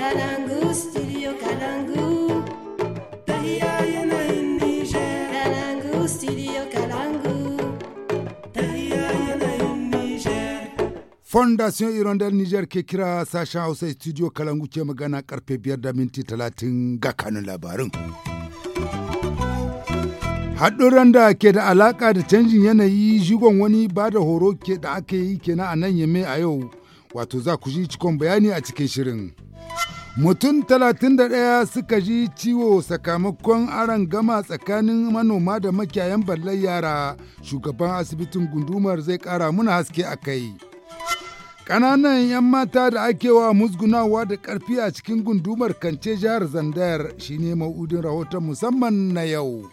Kalangu, studio Kalangu. Fondation Irondel Niger ke kira sashen Hausa studio Kalangu ke magana karfe biyar da minti talatin ga kanun labarin. haɗurran da ke da alaƙa da canjin yanayi jigon wani ba da horo da aka yi kenan a nan yame a yau wato za ku ji cikon bayani a cikin shirin. mutum 31 suka ji ciwo sakamakon aron gama tsakanin manoma da makiyayan ballar yara shugaban asibitin gundumar zai kara muna haske a kai ƙananan 'yan mata da ake wa musgunawa da ƙarfi a cikin gundumar kance jihar zandar shine ma'udin rahoton musamman na yau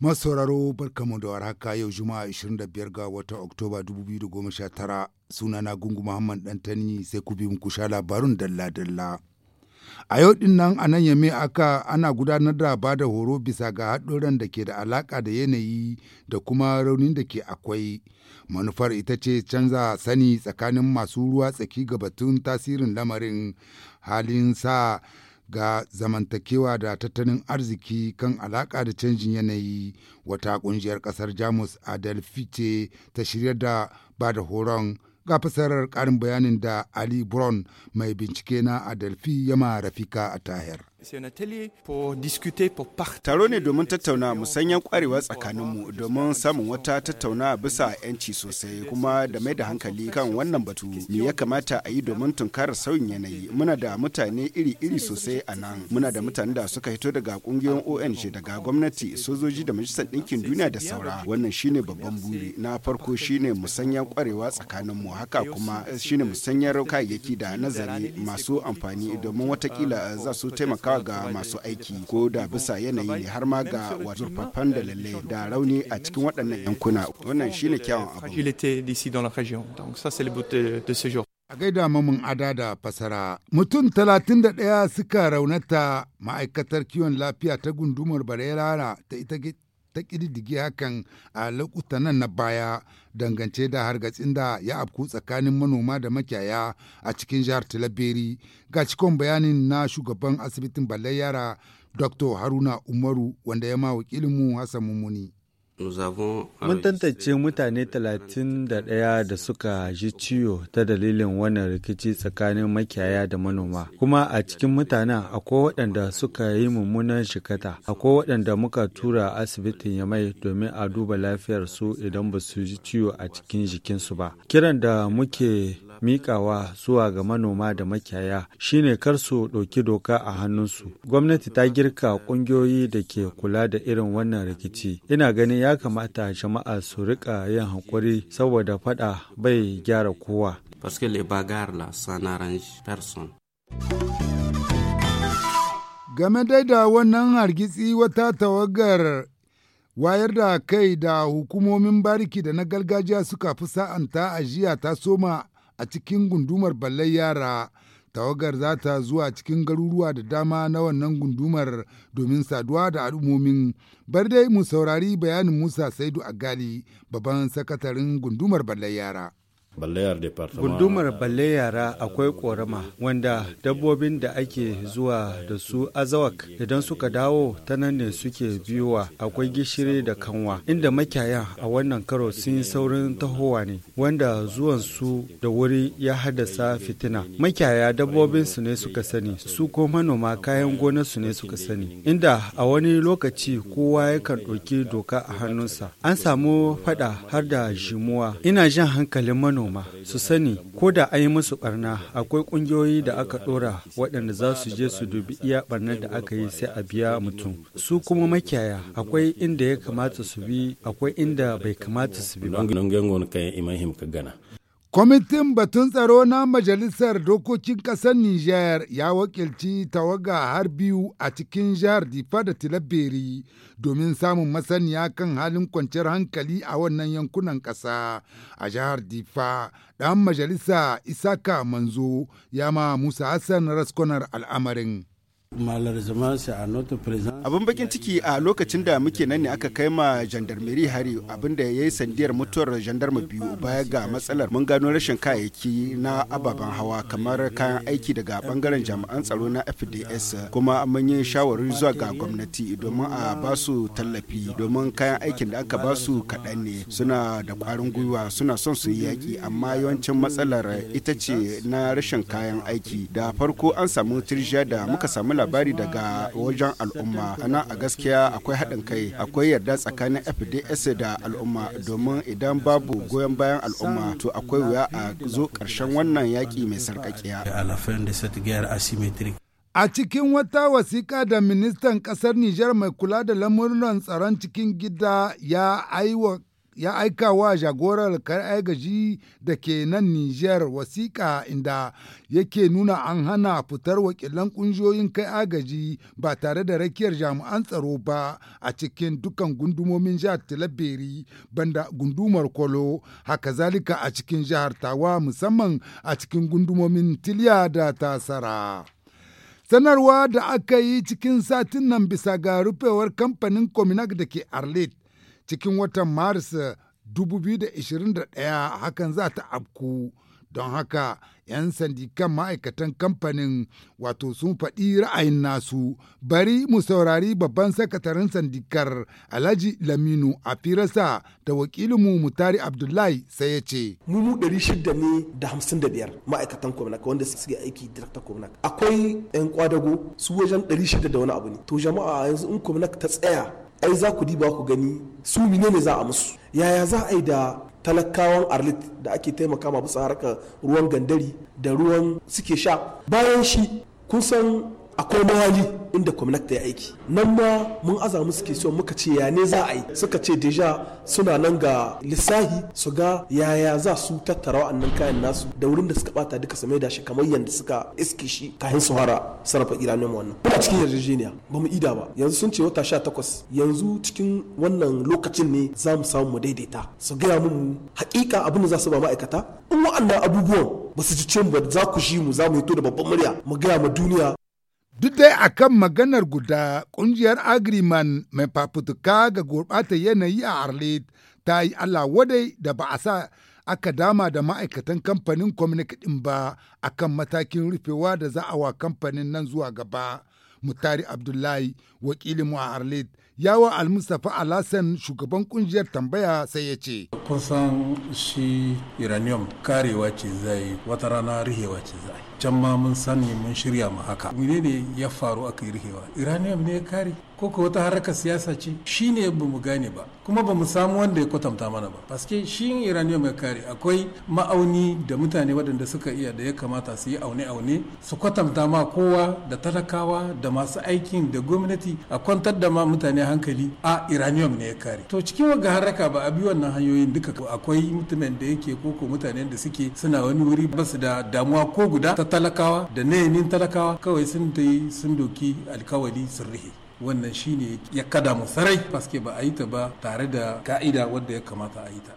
masauraro barkamu da warhaka yau juma'a 25 ga watan oktoba 2019 sunana gungu muhammad dantani sai ku bi muku sha labarun dalla-dalla a yau din nan a nan yame aka ana gudanar da ba da horo bisa ga haɗuran da ke da alaƙa da yanayi da kuma raunin da ke akwai manufar ita ce canza sani tsakanin masu ruwa tsaki ga batun tasirin lamarin halin sa ga zamantakewa da tattalin arziki kan alaƙa da canjin yanayi wata ƙungiyar ƙasar jamus adelphi ce ta shirya da ba da horon Ga fasarar ƙarin bayanin da Ali Brown mai bincike na Adelphi ma Rafika a Tahir. Taro ne domin tattauna musanyen kwarewa tsakaninmu domin samun wata tattauna bisa 'yanci sosai kuma da mai da hankali kan wannan batu me ya kamata a yi domin tunkarar sauyin yanayi muna da mutane iri-iri sosai a nan muna da mutane da suka hito daga kungiyoyin ONG daga gwamnati sojoji da majalisar ɗinkin duniya da saura wannan shine babban buri na farko shine musanyen kwarewa tsakaninmu haka kuma shine musanyar kayayyaki da nazari masu amfani domin watakila za su taimaka taimaka ga masu aiki ko da bisa yanayi ne har ma ga zurfafan da lalle da rauni a cikin waɗannan yankuna wannan shine kyawun abu A gaida mamun ada da fasara, mutum 31 suka raunata ma'aikatar kiwon lafiya ta gundumar Barerara ta ita ta ƙididdige hakan a nan na baya dangance da hargatsin da ya afku tsakanin manoma da makiyaya a cikin jihar talabiri ga cikon bayanin na shugaban asibitin balai dr haruna umaru wanda ya ma wakilinmu hassan mummuni Mun tantance mutane 31 da suka ji ciwo ta dalilin wannan rikici tsakanin makiyaya da manoma. Kuma a cikin mutanen akwai waɗanda suka yi mummunan shikata, akwai waɗanda muka tura asibitin Yamai domin a duba lafiyarsu idan ba su ji ciwo a cikin jikinsu ba. Kiran da muke mikawa zuwa ga manoma da makiyaya shine kar su ɗauki doka a hannunsu. Gwamnati ta girka ƙungiyoyi da ke kula da irin wannan rikici. Ina ganin ya kamata jama'a su rika yin haƙuri saboda faɗa bai gyara kowa. Game dai da wannan hargitsi wata tawagar wayar da kai da hukumomin bariki da na gargajiya suka fi sa'anta a jiya ta soma a cikin gundumar ballai yara tawagar za ta zuwa cikin garuruwa da dama na wannan gundumar domin saduwa da al'ummomin bar dai mu saurari bayanin musa saidu a gali babban sakatarin gundumar ballai yara Gundumar balle yara akwai korama wanda dabbobin da ake zuwa da su azawak idan suka dawo ta nan ne suke biyowa akwai gishiri da kanwa inda makiyaya a wannan karo sun yi saurin tahowa ne wanda zuwan su da wuri ya haddasa fitina. Makiyaya dabbobin su ne suka sani su ko manoma kayan gonar su ne suka sani inda a wani lokaci kowa yakan ɗauki doka a hannunsa. An samu faɗa har da jimuwa. Ina jan hankalin manoma manoma su sani ko da an yi musu barna akwai kungiyoyi da aka dora waɗanda za su je su dubi iya barnar da aka yi sai a biya mutum su kuma makiyaya akwai inda ya kamata su bi akwai inda bai kamata su bi ba Kwamitin batun tsaro na Majalisar Dokokin Ƙasar Nijar ya wakilci tawaga har biyu a cikin jihar Difa da Tilaberi domin samun masaniya kan halin kwanciyar hankali a wannan yankunan ƙasa a jihar Difa. Ɗan majalisa Isaka Manzo ya ma Musa Hassan raskonar al'amarin. abin bakin ciki a lokacin da muke nan ne aka kai ma jandarmeri hari abinda ya yi sandiyar mutuwar jandarma biyu baya ga matsalar mun gano rashin kayayyaki na ababen hawa kamar kayan aiki daga bangaren jami'an tsaro na fds kuma mun yi shawarar zuwa ga gwamnati domin a ba su tallafi domin kayan aikin da aka ba su kaɗan ne suna da ƙwarin gwiwa suna son su yi yaƙi amma yawancin matsalar ita ce na rashin kayan aiki da farko an samu tirjiya da muka samu labari daga wajen al'umma ana a gaskiya akwai haɗin kai akwai yarda tsakanin fds da al'umma domin idan babu goyon bayan al'umma to akwai wuya a zo ƙarshen wannan yaƙi mai sarƙaƙiya A cikin wata wasiƙa da ministan ƙasar Nijar mai kula da lamuran tsaron cikin gida ya aiwa ya aika wa jagorar agaji da ke nan Nijar wasiƙa inda yake nuna an hana fitar wakilan ƙungiyoyin kai agaji ba tare da rakiyar jami'an tsaro ba a cikin dukkan gundumomin jihar Tilaberi banda gundumar Kolo haka zalika a cikin jihar Tawa musamman a cikin gundumomin Tiliya da Tasara. sanarwa da aka yi cikin satin nan bisa ga rufewar kamfanin cominac da ke arlet cikin watan maris 2021 hakan za ta afku don haka 'yan sandikan ma'aikatan kamfanin wato sun faɗi ra'ayin nasu bari mu saurari babban sakataren sandikar alhaji laminu a firasa da wakilinmu mutari abdullahi sai ya ce mu shida ne da hamsin da biyar ma'aikatan kwamnaka wanda suke aiki direkta kwamnaka akwai 'yan kwadago su wajen shida da wani abu ne to jama'a yanzu in kwamnaka ta tsaya ai za ku diba ku gani su mine ne za a musu yaya za a yi da talakawan arlit da ake taimaka ma bisa harkar ruwan gandari da ruwan suke sha bayan shi kun san akwai mawali inda kwamnat ya aiki nan ma mun azamu suke so muka ce ya ne za a yi suka ce deja suna nan ga lissahi su ga yaya za su tattara wa'annan kayan nasu da wurin da suka bata duka su mai da shi kamar yadda suka iske shi kafin su fara sarrafa iranium wannan kuma cikin yarjejeniya ba mu ida ba yanzu sun ce wata sha 18 yanzu cikin wannan lokacin ne za mu samu mu daidaita su gaya mu hakika abin da za su ba ma'aikata in wa'annan abubuwan ba su ci ba za ku shi mu za mu hito da babban murya mu gaya ma duniya Duk dai a kan maganar guda ƙungiyar Agriman mai fafutuka ga gurɓata yanayi a Arlit ta yi Allah wadai da ba a sa aka dama da ma'aikatan kamfanin Communic ɗin ba a kan matakin rufewa da za a wa kamfanin nan zuwa gaba. Mutari Abdullahi wakilinmu a Arlit yawa almustapha alhassan shugaban kungiyar tambaya sai ya ce kusan shi uranium karewa ce zai wata rana rihewa ce zai can ma mun sani mun shirya mu haka mene ne ya faru aka yi rihewa uranium ne ya kare ko ko wata harkar siyasa ce shi ne ba mu gane ba kuma ba mu samu wanda ya kwatanta mana ba paske shi uranium ya kare akwai ma'auni da mutane waɗanda suka iya da ya kamata su yi aune aune su kwatanta ma kowa da talakawa da masu aikin da gwamnati a kwantar da ma mutane hankali a iranium ne ya kare to cikin wagga haraka ba a bi wannan hanyoyin duka akwai mutumin da yake koko mutanen da suke suna wani wuri ba su da damuwa ko guda ta talakawa da nayanin talakawa kawai sun ta yi sun doki alkawali sun rihe wannan shine ya kada mu sarai paske ba a yi ta ba tare da ka'ida wadda ya kamata a yi ta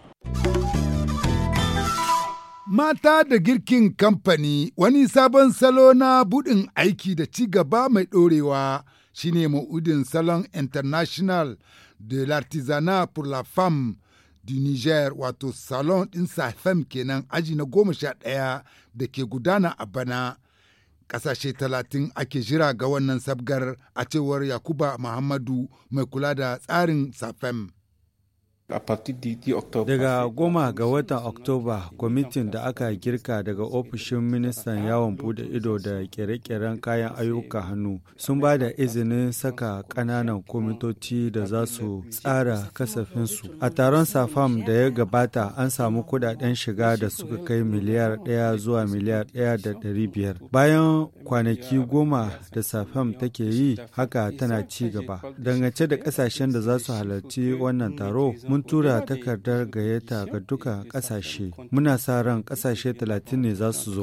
Mata da girkin kamfani wani sabon salo na buɗin aiki da ci gaba mai ɗorewa shine ma'udin salon international de l'artisanat pour la femme du niger wato salon ɗin safem kenan aji na goma sha ɗaya da ke gudana a bana kasashe talatin ake jira ga wannan sabgar a cewar yakuba muhammadu mai kula da tsarin safem Daga goma ga watan Oktoba, kwamitin da aka girka daga ofishin ministan yawon bude ido da kere-keren kayan ayyuka hannu sun ba da izinin saka ƙananan kwamitoci da za su tsara kasafinsu. A taron safam da ya gabata an samu kudaden shiga da suka kai miliyar ɗaya zuwa miliyar ɗaya da ɗari biyar. Bayan kwanaki goma da safam take yi haka tana ci gaba. Dangance da ƙasashen da za su halarci wannan taro, mun tura takardar gayyata ga duka ƙasashe. Muna sa ran ƙasashe 30 ne za su zo.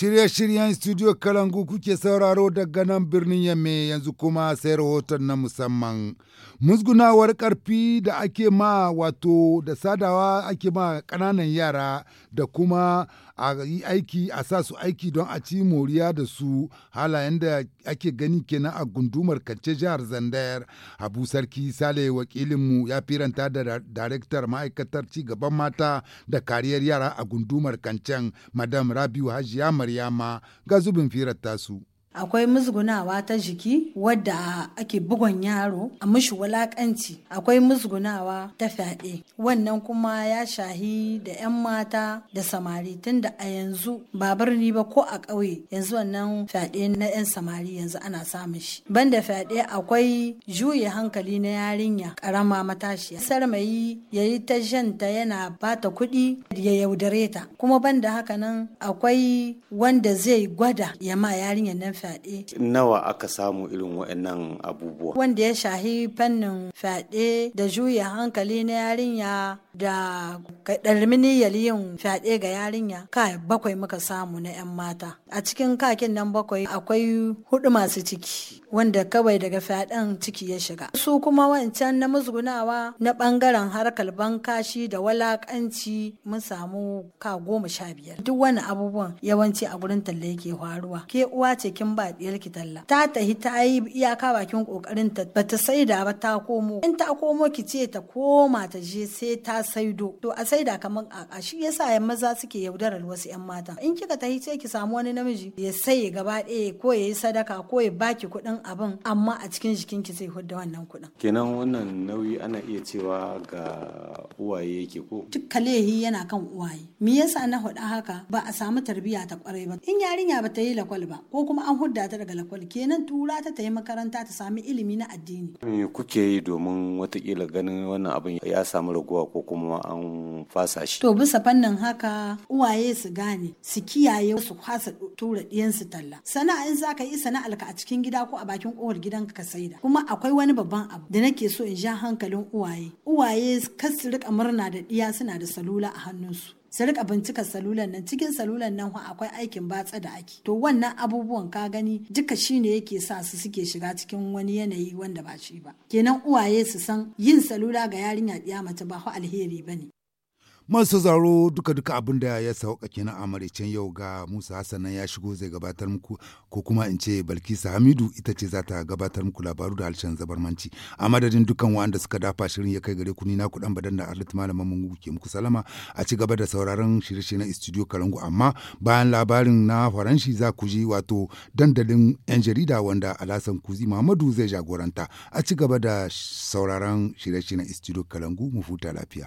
Shirye-shiryen Studio Kalangu kuke sauraro daga nan birnin Yamme yanzu kuma sai rahoton na musamman. Musgunawar karfi da ake ma wato da sadawa ake ma kananan yara da kuma a yi aiki a sa su aiki don a ci moriya da su halayen da ake gani kenan a gundumar kance jihar zandayar abu sarki sale wakilinmu ya firanta da daraktar ma'aikatar ci gaban mata da kariyar yara a gundumar kancen madam rabiu hajiya maryama ga zubin firar tasu. akwai musgunawa ta jiki wadda ake bugon yaro a mushi wulakanci akwai musgunawa ta fyaɗe wannan kuma ya shahi da 'yan mata da samari tunda a yanzu ba birni ba ko a ƙauye yanzu wannan fyaɗe na 'yan samari yanzu ana samun shi banda fyaɗe akwai juye hankali na yarinya ƙarama matashiya sarmayi ya yi ta janta yana bata kuɗi ya yaudare ta kuma banda haka nan akwai wanda zai gwada ya ma yarinyar nan fyaɗe. Nawa aka samu irin waɗannan abubuwa? Wanda ya shahi fannin fyaɗe da juya hankali na yarinya da ɗalmini yin fyaɗe ga yarinya ka bakwai muka samu na 'yan mata. A cikin kakin nan bakwai akwai hudu masu ciki wanda kawai daga fyaɗen ciki ya shiga. Su kuma wancan na musgunawa na ɓangaren harkar bankashi da walakanci mun samu ka goma sha biyar. Duk wani abubuwan yawanci a gurin talle yake faruwa. Ke uwa ce kin an ba diyar ki talla ta tahi ta yi iyaka bakin kokarin ta bata saida ba ta komo in ta komo ki ce ta koma ta je sai ta saido to a saida kamar a shi yasa yan maza suke yaudarar wasu yan mata in kika tahi ce ki samu wani namiji ya sai gaba ɗaya ko ya yi sadaka ko ya baki kuɗin abin amma a cikin jikin ki zai hudda wannan kuɗin kenan wannan nauyi ana iya cewa ga uwaye yake ko dukkan lehi yana kan uwaye me yasa na faɗa haka ba a samu tarbiyya ta kwarai ba in yarinya ba ta yi lakwal ba ko kuma an hudda ta daga lakwal kenan tura ta ta yi makaranta ta sami ilimi na addini. Me kuke yi domin watakila ganin wannan abin ya samu raguwa ko kuma an fasa shi? To bisa fannin haka uwaye su gane su kiyaye su kwasa tura ɗiyansu talla. Sana'a in za yi sana'a a cikin gida ko a bakin kowar gidan ka saida. Kuma akwai wani babban abu da nake so in ja hankalin uwaye. Uwaye kar su rika murna da ɗiya suna da salula a hannunsu. su rika bincika salulan nan cikin salulan nan akwai aikin batsa da ake to wannan abubuwan ka gani duka shine yake sa su suke shiga cikin wani yanayi wanda ba shi ba kenan uwaye su san yin salula ga yarinya ɗiya mace ba alheri bane masu zaro duka-duka abin da ya sauka kenan a maraicen yau ga musa hassan ya shigo zai gabatar muku ko kuma in ce balkisa hamidu ita ce za ta gabatar muku labaru da harshen zabarmanci a madadin dukkan wanda suka dafa shirin ya kai gare ku ni na kudan badan da arlit malaman mun ke muku salama a ci gaba da sauraron shirye na studio kalangu amma bayan labarin na faranshi za ku ji wato dandalin yan jarida wanda alhassan kuzi muhammadu zai jagoranta a ci gaba da sauraron shirye na studio kalangu mu futa lafiya.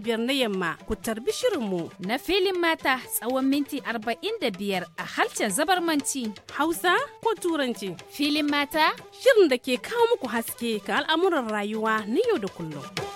biyar na yamma ku tarbi shirinmu. Na filin mata tsawon minti arba'in da biyar a harshen zabarmanci. Hausa ko Turanci. Filin mata. Shirin da ke kawo muku haske ga al'amuran rayuwa na yau da kullum.